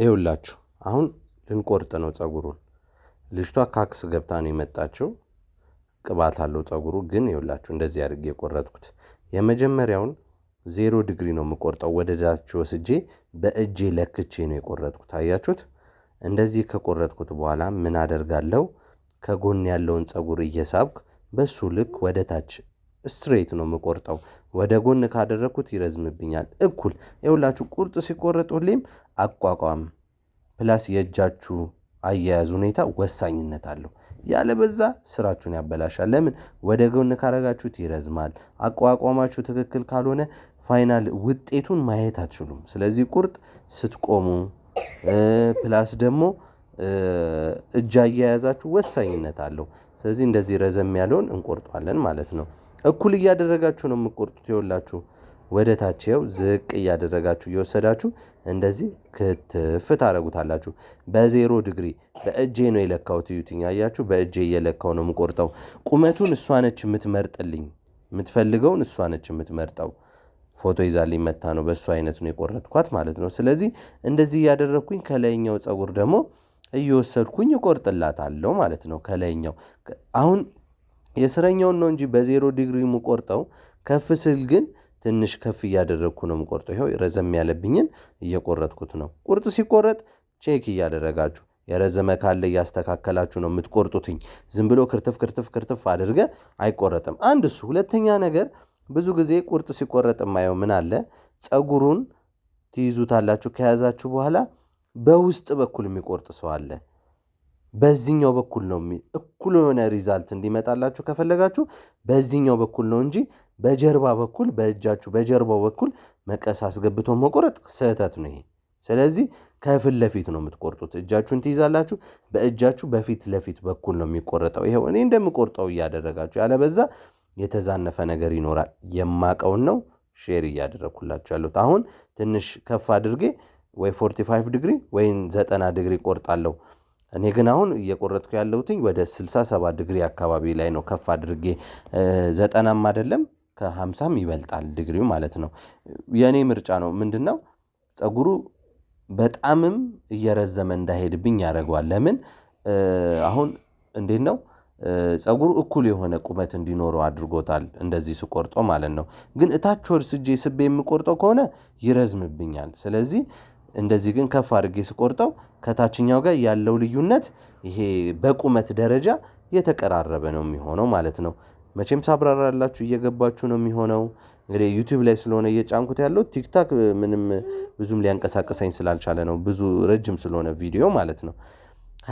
ይኸውላችሁ አሁን ልንቆርጥ ነው ፀጉሩን። ልጅቷ ካክስ ገብታ ነው የመጣችው። ቅባት አለው ፀጉሩ ግን ይኸውላችሁ እንደዚህ አድርጌ የቆረጥኩት የመጀመሪያውን ዜሮ ዲግሪ ነው የምቆርጠው። ወደ ዳች ወስጄ በእጄ ለክቼ ነው የቆረጥኩት። አያችሁት? እንደዚህ ከቆረጥኩት በኋላ ምን አደርጋለሁ? ከጎን ያለውን ፀጉር እየሳብኩ በሱ ልክ ወደ ታች ስትሬት ነው የምቆርጠው። ወደ ጎን ካደረግኩት ይረዝምብኛል። እኩል ይኸውላችሁ ቁርጥ ሲቆረጥ ሁሌም አቋቋም ፕላስ የእጃችሁ አያያዝ ሁኔታ ወሳኝነት አለው። ያለበዛ ስራችሁን ያበላሻል። ለምን ወደ ጎን ካረጋችሁት ይረዝማል። አቋቋማችሁ ትክክል ካልሆነ ፋይናል ውጤቱን ማየት አትችሉም። ስለዚህ ቁርጥ ስትቆሙ ፕላስ ደግሞ እጅ አያያዛችሁ ወሳኝነት አለው። ስለዚህ እንደዚህ ረዘም ያለውን እንቆርጧለን ማለት ነው። እኩል እያደረጋችሁ ነው የምቆርጡት ይኸውላችሁ ወደ ታች ዝቅ እያደረጋችሁ እየወሰዳችሁ እንደዚህ ክትፍ ታደረጉታላችሁ። በዜሮ ዲግሪ በእጄ ነው የለካሁት። እዩትኝ፣ አያችሁ? በእጄ እየለካው ነው የምቆርጠው። ቁመቱን እሷ ነች የምትመርጥልኝ፣ የምትፈልገውን እሷ ነች የምትመርጠው። ፎቶ ይዛልኝ መታ ነው። በእሱ አይነት ነው የቆረጥኳት ማለት ነው። ስለዚህ እንደዚህ እያደረግኩኝ ከላይኛው ፀጉር ደግሞ እየወሰድኩኝ እቆርጥላታለሁ ማለት ነው። ከላይኛው አሁን የስረኛውን ነው እንጂ በዜሮ ዲግሪ የምቆርጠው ከፍ ስል ግን ትንሽ ከፍ እያደረግኩ ነው የምቆርጠው። ይኸው ረዘም ያለብኝን እየቆረጥኩት ነው። ቁርጥ ሲቆረጥ ቼክ እያደረጋችሁ የረዘመ ካለ እያስተካከላችሁ ነው የምትቆርጡትኝ። ዝም ብሎ ክርትፍ ክርትፍ ክርትፍ አድርገ አይቆረጥም። አንድ እሱ። ሁለተኛ ነገር ብዙ ጊዜ ቁርጥ ሲቆረጥ የማየው ምን አለ፣ ፀጉሩን ትይዙታላችሁ። ከያዛችሁ በኋላ በውስጥ በኩል የሚቆርጥ ሰው አለ። በዚህኛው በኩል ነው እኩል የሆነ ሪዛልት እንዲመጣላችሁ ከፈለጋችሁ በዚህኛው በኩል ነው እንጂ በጀርባ በኩል በእጃችሁ በጀርባው በኩል መቀስ አስገብቶ መቆረጥ ስህተት ነው ይሄ። ስለዚህ ከፊት ለፊት ነው የምትቆርጡት። እጃችሁን ትይዛላችሁ፣ በእጃችሁ በፊት ለፊት በኩል ነው የሚቆረጠው። ይኸው እኔ እንደምቆርጠው እያደረጋችሁ፣ ያለበዛ የተዛነፈ ነገር ይኖራል። የማቀውን ነው ሼር እያደረግኩላችሁ ያሉት። አሁን ትንሽ ከፍ አድርጌ ወይ 45 ዲግሪ ወይም 90 ዲግሪ ቆርጣለሁ። እኔ ግን አሁን እየቆረጥኩ ያለሁትኝ ወደ 67 ዲግሪ አካባቢ ላይ ነው። ከፍ አድርጌ ዘጠናም አይደለም ከሀምሳም ይበልጣል ዲግሪው ማለት ነው። የእኔ ምርጫ ነው ምንድነው? ፀጉሩ በጣምም እየረዘመ እንዳይሄድብኝ ያደርገዋል። ለምን? አሁን እንዴት ነው? ፀጉሩ እኩል የሆነ ቁመት እንዲኖረው አድርጎታል እንደዚህ ስቆርጦ ማለት ነው። ግን እታች ወስጄ ስቤ የምቆርጠው ከሆነ ይረዝምብኛል። ስለዚህ እንደዚህ ግን ከፍ አድርጌ ስቆርጠው ከታችኛው ጋር ያለው ልዩነት ይሄ በቁመት ደረጃ የተቀራረበ ነው የሚሆነው ማለት ነው መቼም ሳብራራላችሁ እየገባችሁ ነው የሚሆነው። እንግዲህ ዩቲዩብ ላይ ስለሆነ እየጫንኩት ያለው ቲክታክ ምንም ብዙም ሊያንቀሳቀሰኝ ስላልቻለ ነው፣ ብዙ ረጅም ስለሆነ ቪዲዮ ማለት ነው።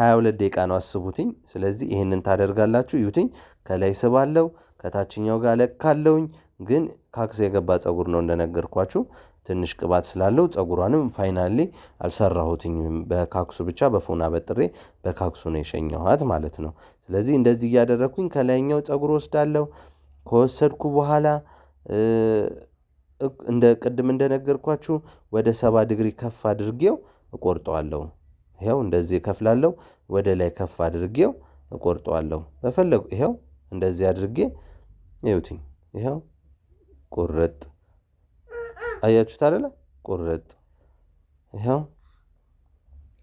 22 ደቂቃ ነው አስቡትኝ። ስለዚህ ይህንን ታደርጋላችሁ። ዩትኝ ከላይ ስባለው፣ ከታችኛው ጋር ለካለውኝ። ግን ካክስ የገባ ጸጉር ነው እንደነገርኳችሁ። ትንሽ ቅባት ስላለው ጸጉሯንም ፋይናሊ አልሰራሁትኝም በካክሱ ብቻ በፎና በጥሬ በካክሱ ነው የሸኘኋት ማለት ነው። ስለዚህ እንደዚህ እያደረግኩኝ ከላይኛው ጸጉር ወስዳለው። ከወሰድኩ በኋላ እንደ ቅድም እንደነገርኳችሁ ወደ ሰባ ዲግሪ ከፍ አድርጌው እቆርጠዋለሁ። ይኸው እንደዚህ እከፍላለሁ ወደ ላይ ከፍ አድርጌው እቆርጠዋለሁ በፈለጉ ይኸው እንደዚህ አድርጌ ይኸውትኝ ይኸው ቁርጥ አያችሁት አይደለ? ቁርጥ ይኸው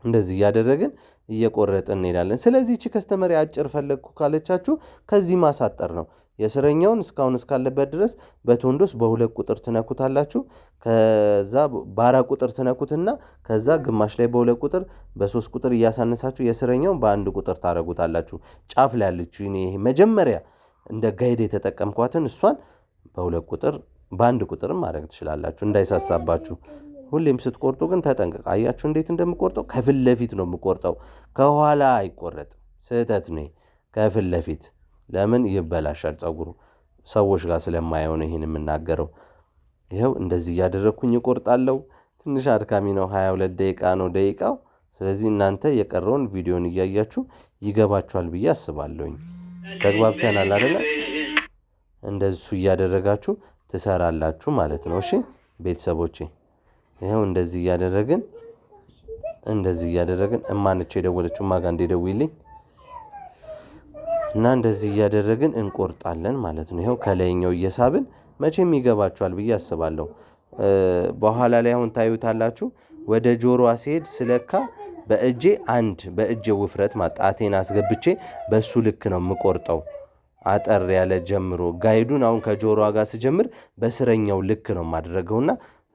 እንደዚህ እያደረግን እየቆረጥን እንሄዳለን። ስለዚህ እቺ ከስተመሪ አጭር ፈለግኩ ካለቻችሁ ከዚህ ማሳጠር ነው። የስረኛውን እስካሁን እስካለበት ድረስ በቶንዶስ በሁለት ቁጥር ትነኩታላችሁ። ከዛ በአራ ቁጥር ትነኩትና ከዛ ግማሽ ላይ በሁለት ቁጥር በሶስት ቁጥር እያሳነሳችሁ የስረኛውን በአንድ ቁጥር ታደረጉታላችሁ። ጫፍ ላይ ያለችው ይሄ መጀመሪያ እንደ ጋይድ የተጠቀምኳትን እሷን በሁለት ቁጥር በአንድ ቁጥርም ማድረግ ትችላላችሁ እንዳይሳሳባችሁ። ሁሌም ስትቆርጡ ግን ተጠንቀቅ። አያችሁ እንዴት እንደምቆርጠው ከፊት ለፊት ነው የምቆርጠው፣ ከኋላ አይቆረጥም። ስህተት ነ ከፊት ለፊት ለምን ይበላሻል ጸጉሩ? ሰዎች ጋር ስለማየው ነው ይህን የምናገረው። ይኸው እንደዚህ እያደረግኩኝ እቆርጣለሁ። ትንሽ አድካሚ ነው፣ 22 ደቂቃ ነው ደቂቃው። ስለዚህ እናንተ የቀረውን ቪዲዮን እያያችሁ ይገባችኋል ብዬ አስባለሁኝ። ተግባብተናል አይደለ? እንደሱ እያደረጋችሁ ትሰራላችሁ ማለት ነው። እሺ ቤተሰቦቼ ይኸው እንደዚህ እያደረግን እንደዚህ እያደረግን እማነች የደወለችው ማጋ እንደደውልኝ እና እንደዚህ እያደረግን እንቆርጣለን ማለት ነው። ይኸው ከላይኛው እየሳብን መቼም ይገባችኋል ብዬ አስባለሁ። በኋላ ላይ አሁን ታዩታላችሁ። ወደ ጆሮዋ ሲሄድ ስለካ በእጄ አንድ በእጄ ውፍረት ማጣቴን አስገብቼ በሱ ልክ ነው የምቆርጠው። አጠር ያለ ጀምሮ ጋይዱን አሁን ከጆሮዋ ጋር ስጀምር በስረኛው ልክ ነው የማደረገውና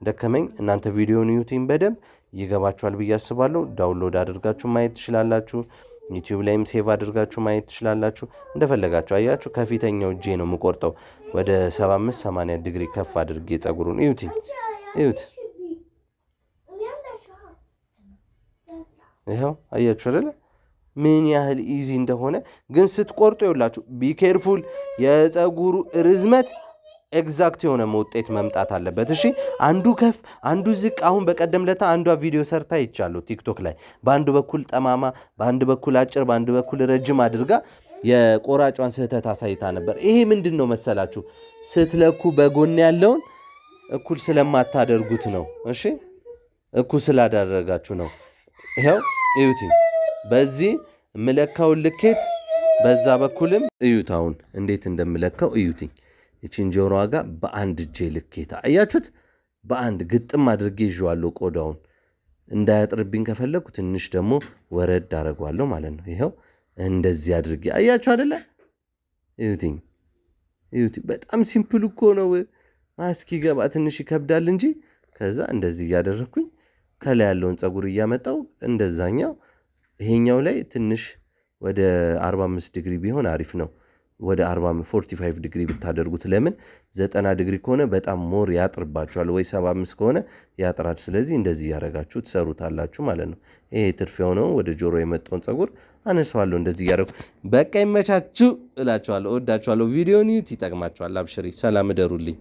ደከመኝ። እናንተ ቪዲዮን ዩቲን በደንብ ይገባችኋል ብዬ አስባለሁ። ዳውንሎድ አድርጋችሁ ማየት ትችላላችሁ። ዩቲዩብ ላይም ሴቭ አድርጋችሁ ማየት ትችላላችሁ። እንደፈለጋችሁ አያችሁ። ከፊተኛው እጄ ነው የምቆርጠው። ወደ 75 80 ዲግሪ ከፍ አድርጌ ጸጉሩን እዩት፣ እዩት። ይኸው አያችሁ አይደለ? ምን ያህል ኢዚ እንደሆነ ግን ስትቆርጡ ይውላችሁ ቢኬርፉል የፀጉሩ ርዝመት ኤግዛክት የሆነ ውጤት መምጣት አለበት። እሺ አንዱ ከፍ አንዱ ዝቅ። አሁን በቀደም ለታ አንዷ ቪዲዮ ሰርታ ይቻለሁ ቲክቶክ ላይ በአንዱ በኩል ጠማማ፣ በአንድ በኩል አጭር፣ በአንድ በኩል ረጅም አድርጋ የቆራጯን ስህተት አሳይታ ነበር። ይሄ ምንድን ነው መሰላችሁ? ስትለኩ በጎን ያለውን እኩል ስለማታደርጉት ነው። እሺ እኩል ስላዳረጋችሁ ነው። ይኸው እዩቲ በዚህ የምለካውን ልኬት በዛ በኩልም እዩታውን እንዴት እንደምለካው እዩትኝ። ይቺን ጆሮ ጋር በአንድ እጄ ልኬታ እያችሁት፣ በአንድ ግጥም አድርጌ ይዤዋለሁ። ቆዳውን እንዳያጥርብኝ ከፈለግኩ ትንሽ ደግሞ ወረድ አደርገዋለሁ ማለት ነው። ይኸው እንደዚህ አድርጌ አያችሁ አደለ? እዩትኝ፣ እዩት። በጣም ሲምፕል እኮ ነው። ማስኪ ገባ ትንሽ ይከብዳል እንጂ ከዛ እንደዚህ እያደረግኩኝ ከላይ ያለውን ፀጉር እያመጣው እንደዛኛው ይሄኛው ላይ ትንሽ ወደ 45 አምስት ዲግሪ ቢሆን አሪፍ ነው። ወደ 45 ዲግሪ ብታደርጉት ለምን ዘጠና ዲግሪ ከሆነ በጣም ሞር ያጥርባችኋል ወይ ሰባ ከሆነ ያጥራል። ስለዚህ እንደዚህ እያደረጋችሁ ትሰሩታላችሁ ማለት ነው። ይሄ ትርፍ የሆነውን ወደ ጆሮ የመጣውን ፀጉር አነሳዋለሁ እንደዚህ እያደረጉ በቃ ይመቻችሁ እላችኋለሁ። እወዳችኋለሁ። ቪዲዮን ዩት ይጠቅማችኋል። አብሽሪ፣ ሰላም እደሩልኝ።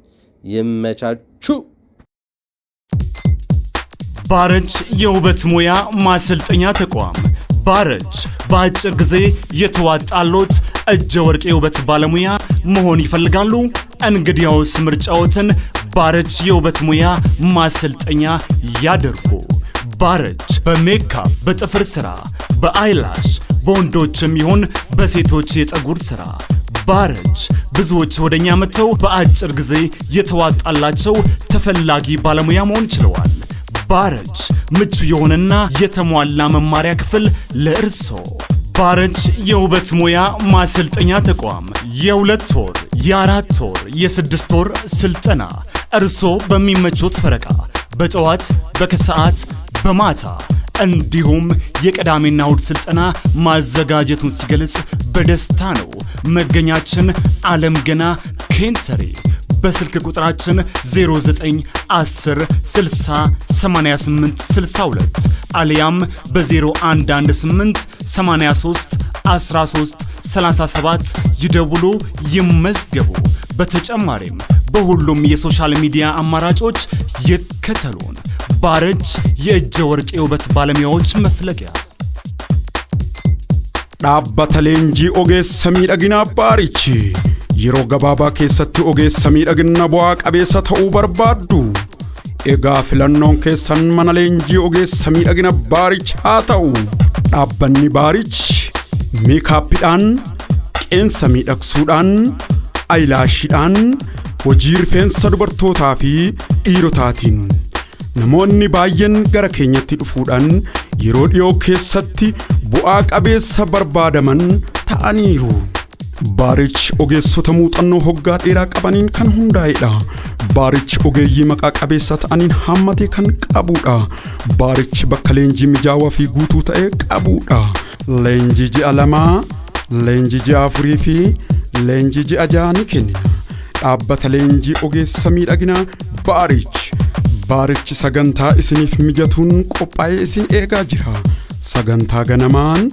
ይመቻችሁ። ባረጅ የውበት ሙያ ማሰልጠኛ ተቋም ባረች በአጭር ጊዜ የተዋጣሎት እጀ ወርቅ የውበት ባለሙያ መሆን ይፈልጋሉ? እንግዲያውስ ምርጫዎትን ባረች የውበት ሙያ ማሰልጠኛ ያደርጉ። ባረች በሜካፕ፣ በጥፍር ስራ፣ በአይላሽ በወንዶችም ይሁን በሴቶች የፀጉር ስራ ባረች ብዙዎች ወደኛ መጥተው በአጭር ጊዜ የተዋጣላቸው ተፈላጊ ባለሙያ መሆን ችለዋል። ባረጅ ምቹ የሆነና የተሟላ መማሪያ ክፍል ለእርሶ። ባረጅ የውበት ሙያ ማሰልጠኛ ተቋም የሁለት ወር፣ የአራት ወር፣ የስድስት ወር ስልጠና እርሶ በሚመቾት ፈረቃ በጠዋት በከሰዓት በማታ እንዲሁም የቅዳሜና እሁድ ስልጠና ማዘጋጀቱን ሲገልጽ በደስታ ነው። መገኛችን አለም ገና ኬንተሬ በስልክ ቁጥራችን 0910 60 88 62 አሊያም በ0118 83 13 37 ይደውሉ ይመዝገቡ። በተጨማሪም በሁሉም የሶሻል ሚዲያ አማራጮች ይከተሉን። ባረጅ የእጀ ወርቅ የውበት ባለሙያዎች መፍለጊያ Dhaabbata leenjii ogeessa miidhaginaa baarichi yeroo gabaabaa keessatti ogeessa miidhagina bu'aa qabeessa ta'uu barbaaddu. Egaa filannoon keessan mana leenjii ogeessa miidhagina baarich haa ta'u. Dhaabbanni baarich miikaappidhaan, qeensa miidhagsuudhaan, ayilaashidhaan, hojii rifeensa dubartootaa fi dhiirotaatiin namoonni baay'een gara keenyatti dhufuudhaan yeroo dhiyoo keessatti bu'aa qabeessa barbaadaman ta'aniiru. Baarichi ogeessota muuxannoo hoggaa dheeraa qabaniin kan hundaa'edha. Baarichi ogeeyyii maqaa qabeessa ta'aniin hammate kan qabudha. Baarichi bakka leenjii mijaawaa fi guutuu ta'e qabudha. Leenjii ji'a lamaa, leenjii ji'a afurii fi leenjii ji'a ja'a ni kenna. Dhaabbata leenjii ogeessa miidhaginaa Baarichi. baarichi sagantaa isiniif mijatuun qophaa'ee isin eegaa jira. Sagantaa ganamaan,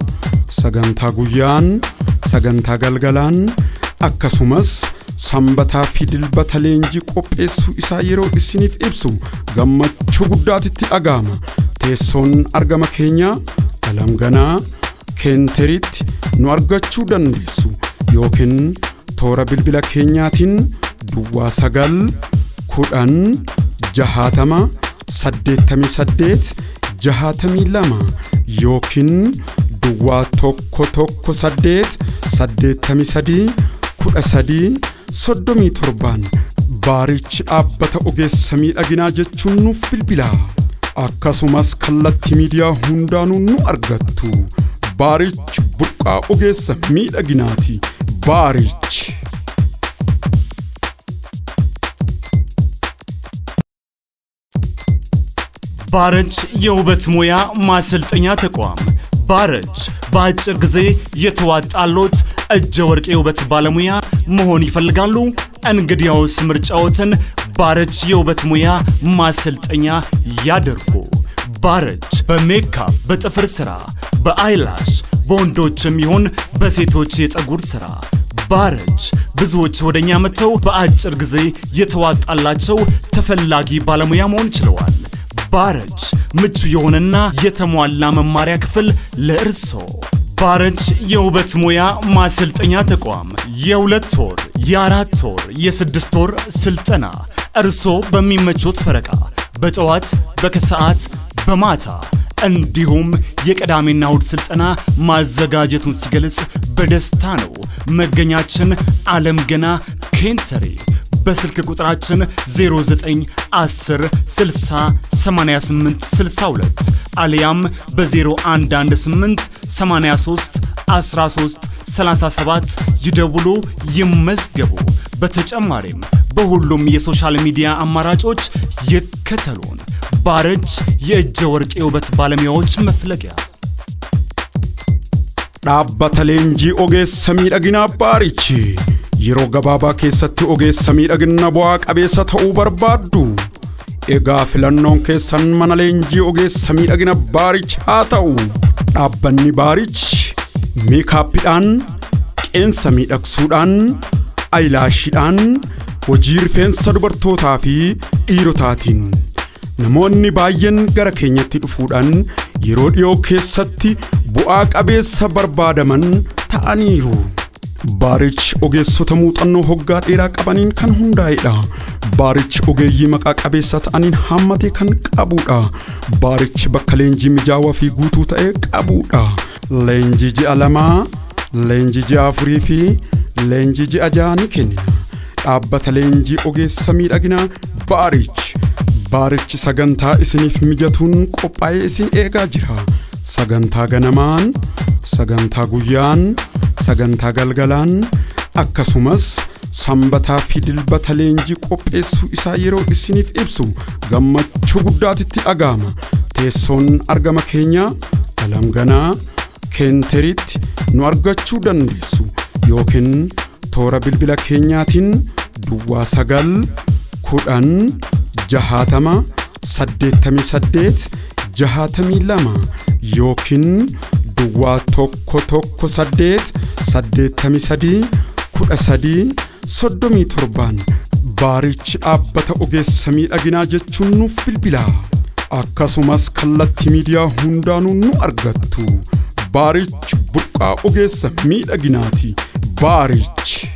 sagantaa guyyaan, sagantaa galgalaan akkasumas sanbataa fi dilbata leenjii qopheessuu isaa yeroo isiniif ibsu gammachuu guddaatitti dhaga'ama. Teessoon argama keenya ganaa keenteriitti nu argachuu dandeessu yookiin toora bilbila keenyaatiin duwwaa sagal kudhan jahaatama 88 saddeet jahaatamii lama yookiin duwwaa tokko tokko saddeet saddeettamii sadii kudha sadii soddomii baarichi dhaabbata ogeessa miidhaginaa jechuun nuuf bilbila akkasumas kallattii miidiyaa hundaanuu nu argattu baarichi buqqaa ogeessa miidhaginaati baarichi. ባረጅ የውበት ሙያ ማሰልጠኛ ተቋም ባረጅ በአጭር ጊዜ የተዋጣሎት እጀ ወርቅ የውበት ባለሙያ መሆን ይፈልጋሉ? እንግዲያውስ ምርጫዎትን ባረጅ የውበት ሙያ ማሰልጠኛ ያደርጉ። ባረጅ በሜካፕ፣ በጥፍር ስራ፣ በአይላሽ በወንዶችም ይሁን በሴቶች የፀጉር ስራ ባረጅ ብዙዎች ወደኛ መጥተው በአጭር ጊዜ የተዋጣላቸው ተፈላጊ ባለሙያ መሆን ችለዋል። ባረጅ ምቹ የሆነና የተሟላ መማሪያ ክፍል ለእርሶ። ባረጅ የውበት ሙያ ማሰልጠኛ ተቋም የሁለት ወር፣ የአራት ወር፣ የስድስት ወር ስልጠና እርሶ በሚመቾት ፈረቃ በጠዋት በከሰዓት በማታ እንዲሁም የቅዳሜና እሁድ ስልጠና ማዘጋጀቱን ሲገልጽ በደስታ ነው። መገኛችን አለም ገና ኬንተሪ በስልክ ቁጥራችን 0910 60 88 62 አሊያም በ0118 83 13 37 ይደውሉ ይመዝገቡ። በተጨማሪም በሁሉም የሶሻል ሚዲያ አማራጮች ይከተሉን። ባረጅ የእጀ ወርቅ የውበት ባለሙያዎች መፍለቂያ ዳባተሌንጂ ኦጌስ ogeessa miidhaginaa baarichi Yeroo gabaabaa keessatti ogeessa miidhagina bu'aa qabeessa ta'uu barbaaddu? Egaa filannoon keessan mana leenjii ogeessa miidhagina baarichi haa ta'u. Dhaabbanni baarichi miikaappidhaan qeensa miidhagsuudhaan, ayilaashiidhaan hojii rifeensa dubartootaa fi dhiirotaatiin namoonni baay'een gara keenyatti dhufuudhaan yeroo dhiyoo keessatti bu'aa qabeessa barbaadaman ta'aniiru. Baarichi ogeessota muuxannoo hoggaa dheeraa qabaniin kan hundaa'edha. Baarichi ogeeyyii maqaa qabeessaa ta'aniin hammatee kan qabudha. Baarichi bakka leenjii mijaawaa fi guutuu ta'e qabudha. Leenjii ji'a lamaa, leenjii ji'a afurii fi leenjii ji'a ja'a ni kenna. Dhaabbata leenjii ogeessa miidhaginaa Baarichi. Baarichi sagantaa isiniif mijatuun qophaa'ee isin eegaa jira. Sagantaa ganamaan, sagantaa guyyaan. sagantaa galgalaan akkasumas sanbataa fi dilbata leenjii qopheessuu isaa yeroo isiniif ibsu gammachuu guddaatitti dhaga'ama teessoon argama keenyaa alamganaa Keenteritti nu argachuu dandeessu yookiin toora bilbila keenyaatiin duwwaa sagal kudhan jahaatama saddeettamii saddeet jahaatami lama yookiin duwwaa tokko tokko saddeet saddeettamii sadii kudha sadii soddomii torbaan baarichi dhaabbata ogeessa miidhaginaa jechuun nuuf bilbilaa akkasumas kallattii miidiyaa hundaanuu nu argattu baarichi burqaa ogeessa miidhaginaati baarichi.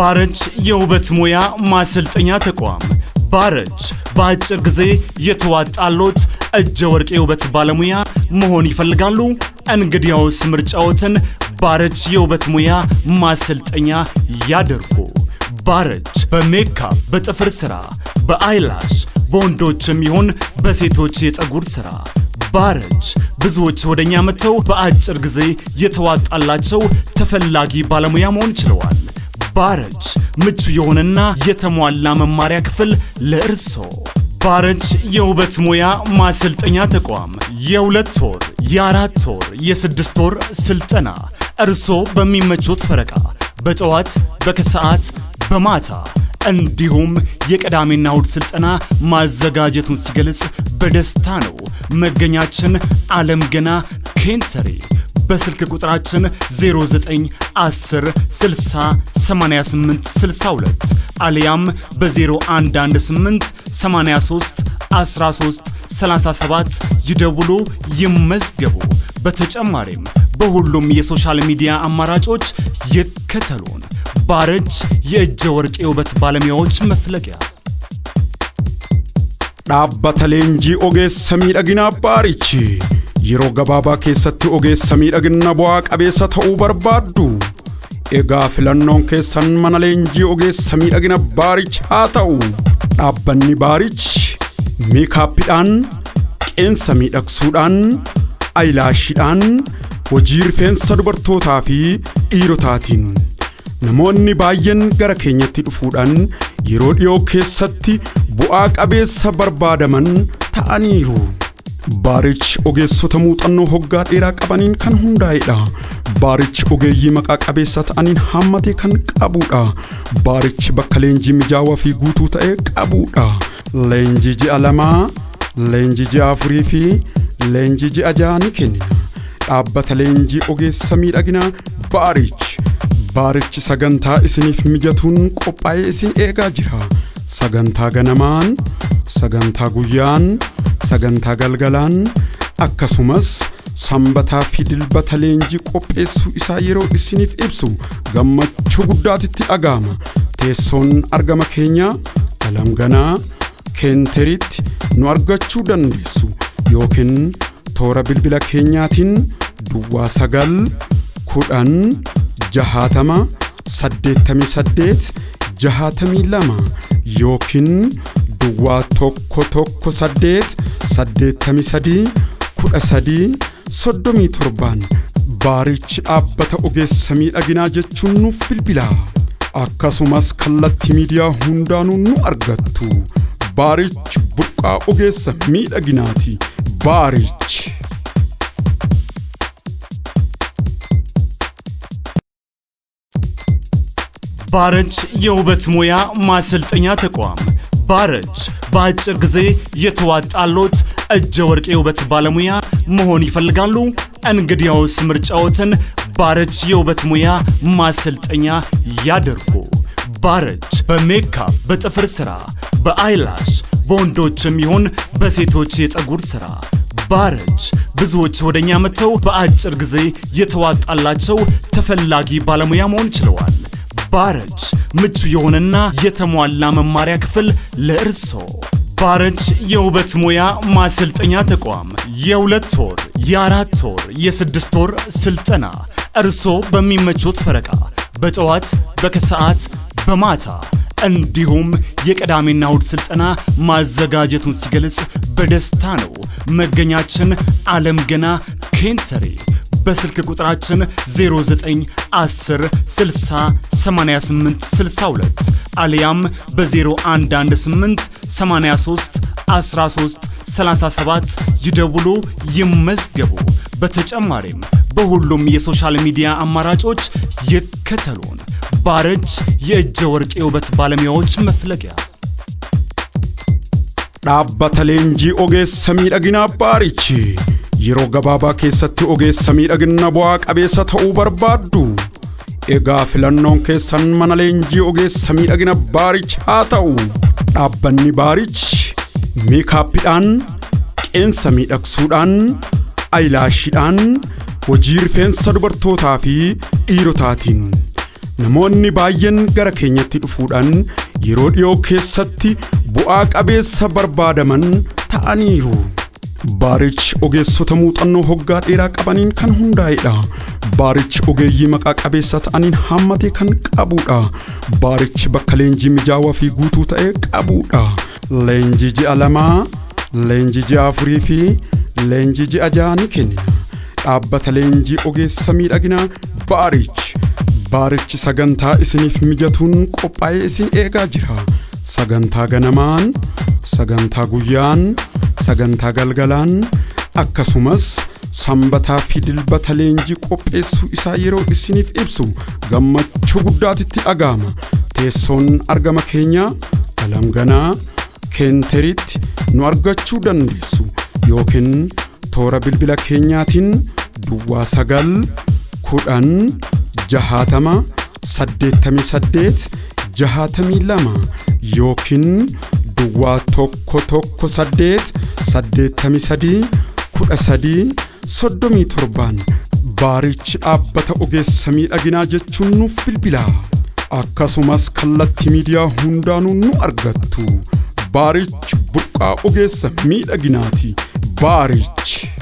ባረጅ የውበት ሙያ ማሰልጠኛ ተቋም ባረጅ በአጭር ጊዜ የተዋጣሎት እጀ ወርቅ የውበት ባለሙያ መሆን ይፈልጋሉ? እንግዲያውስ ምርጫዎትን ባረጅ የውበት ሙያ ማሰልጠኛ ያደርጉ። ባረጅ በሜካፕ፣ በጥፍር ስራ፣ በአይላሽ በወንዶችም ይሁን በሴቶች የፀጉር ስራ ባረጅ ብዙዎች ወደኛ መጥተው በአጭር ጊዜ የተዋጣላቸው ተፈላጊ ባለሙያ መሆን ችለዋል። ባረጅ ምቹ የሆነና የተሟላ መማሪያ ክፍል ለእርሶ። ባረጅ የውበት ሙያ ማሰልጠኛ ተቋም የሁለት ወር፣ የአራት ወር፣ የስድስት ወር ስልጠና እርሶ በሚመቾት ፈረቃ በጠዋት በከሰዓት በማታ እንዲሁም የቅዳሜና እሁድ ስልጠና ማዘጋጀቱን ሲገልጽ በደስታ ነው። መገኛችን አለም ገና ኬንተሪ በስልክ ቁጥራችን 0910 60 88 62 አሊያም በ0118 83 13 37 ይደውሉ ይመዝገቡ። በተጨማሪም በሁሉም የሶሻል ሚዲያ አማራጮች ይከተሉን። ባረጅ የእጀ ወርቅ የውበት ባለሙያዎች መፍለቂያ dhaabbatale ኦጌስ ogeessa miidhaginaa baarichi Yeroo gabaabaa keessatti ogeessa miidhagina bu'aa qabeessa ta'uu barbaaddu? Egaa filannoon keessan mana leenjii ogeessa miidhagina baarichi haa ta'u. Dhaabbanni baarichi miikaappidhaan qeensa miidhagsuudhaan, ayilaashidhaan hojii rifeensa dubartootaa fi dhiirotaatiin namoonni baay'een gara keenyatti dhufuudhaan yeroo dhiyoo keessatti bu'aa qabeessa barbaadaman ta'aniiru. baarichi ogeessota muuxannoo hoggaa dheeraa qabaniin kan hundaa'edha. Baarichi ogeeyyii maqaa qabeessaa ta'aniin hammatee kan qabudha. Baarichi bakka leenjii mijaawaa fi guutuu ta'e qabudha. Leenjii ji'a lamaa, leenjii ji'a afurii fi leenjii ji'a ja'a ni kenna. Dhaabbata leenjii ogeessa miidhaginaa Baarichi. Baarichi sagantaa isiniif mijatuun qophaa'ee isin eegaa jira. Sagantaa ganamaan, sagantaa guyyaan. sagantaa galgalaan akkasumas sanbataa fi dilbata leenjii qopheessuu isaa yeroo isiniif ibsu gammachuu guddaatitti dhaga'ama teessoon argama keenyaa alamganaa keenteriitti nu argachuu dandeessu yookiin toora bilbila keenyaatiin duwwaa sagal kudhan jahaatama saddeettamii saddeet jahaatami lama yookiin duwwaa tokko tokko saddeet saddeettamii sadii kudha sadii soddomii torbaan baarichi dhaabbata ogeessa miidhaginaa jechuun nuuf bilbila. Akkasumas kallattii miidiyaa hundaanuu nu argattu. Baarichi burqaa ogeessa miidhaginaati. Baarichi. ባረች የውበት ሙያ ማሰልጠኛ ተቋም ባረች በአጭር ጊዜ የተዋጣሎት እጀ ወርቅ የውበት ባለሙያ መሆን ይፈልጋሉ? እንግዲያውስ ምርጫዎትን ባረች የውበት ሙያ ማሰልጠኛ ያደርጉ። ባረች በሜካፕ፣ በጥፍር ስራ፣ በአይላሽ በወንዶችም ይሁን በሴቶች የፀጉር ስራ ባረች ብዙዎች ወደኛ መጥተው በአጭር ጊዜ የተዋጣላቸው ተፈላጊ ባለሙያ መሆን ችለዋል። ባረጅ ምቹ የሆነና የተሟላ መማሪያ ክፍል ለእርሶ። ባረጅ የውበት ሙያ ማሰልጠኛ ተቋም የሁለት ወር፣ የአራት ወር፣ የስድስት ወር ስልጠና እርሶ በሚመቾት ፈረቃ በጠዋት በከሰዓት በማታ እንዲሁም የቅዳሜና እሁድ ስልጠና ማዘጋጀቱን ሲገልጽ በደስታ ነው። መገኛችን አለም ገና ኬንተሪ በስልክ ቁጥራችን 0910 60 88 62 አሊያም በ0118 83 13 37 ይደውሉ፣ ይመዝገቡ። በተጨማሪም በሁሉም የሶሻል ሚዲያ አማራጮች ይከተሉን። ባረጅ የእጀ ወርቅ የውበት ባለሙያዎች መፍለጊያ dhaabbatale ኦጌስ ogeessa miidhaginaa baarichi Yeroo gabaabaa keessatti ogeessa miidhagina bu'aa qabeessa ta'uu barbaaddu? Egaa filannoon keessan mana leenjii ogeessa miidhagina baarich haa ta'u. Dhaabbanni baarich miikaappidhaan qeensa miidhagsuudhaan, ayilaashidhaan hojii rifeensa dubartootaa fi dhiirotaatiin namoonni baay'een gara keenyatti dhufuudhaan yeroo dhiyoo keessatti bu'aa qabeessa barbaadaman ta'aniiru. Baarichi ogeessota muuxannoo hoggaa dheeraa qabaniin kan hundaa'edha. Baarichi ogeeyyii maqaa qabeessa ta'aniin hammatee kan qabudha. Baarichi bakka leenjii mijaawaa fi guutuu ta'e qabudha. Leenjii ji'a lamaa, leenjii ji'a afurii fi leenjii ji'a ja'a ni kenna. Dhaabbata leenjii ogeessa miidhaginaa Baarichi. Baarichi sagantaa isiniif mijatuun qophaa'ee isin eegaa jira. Sagantaa ganamaan, sagantaa guyyaan. sagantaa galgalaan akkasumas sanbataa fi dilbata leenjii qopheessuu isaa yeroo isiniif ibsu gammachuu guddaatitti dhaga'ama teessoon argama keenyaa galamganaa keenteriitti nu argachuu dandeessu yookiin toora bilbila keenyaatiin duwwaa sagal kudhan jahaatama saddeettamii saddeet jahaatamii lama yookiin Duwwaa tokko tokko saddeet saddeettamii sadii kudha sadii soddomii baarichi dhaabbata ogeessa miidhaginaa jechuun nuuf bilbila. Akkasumas kallattii miidiyaa hundaanuu nu argattu. Baarichi burqaa ogeessa miidhaginaati. Baarichi.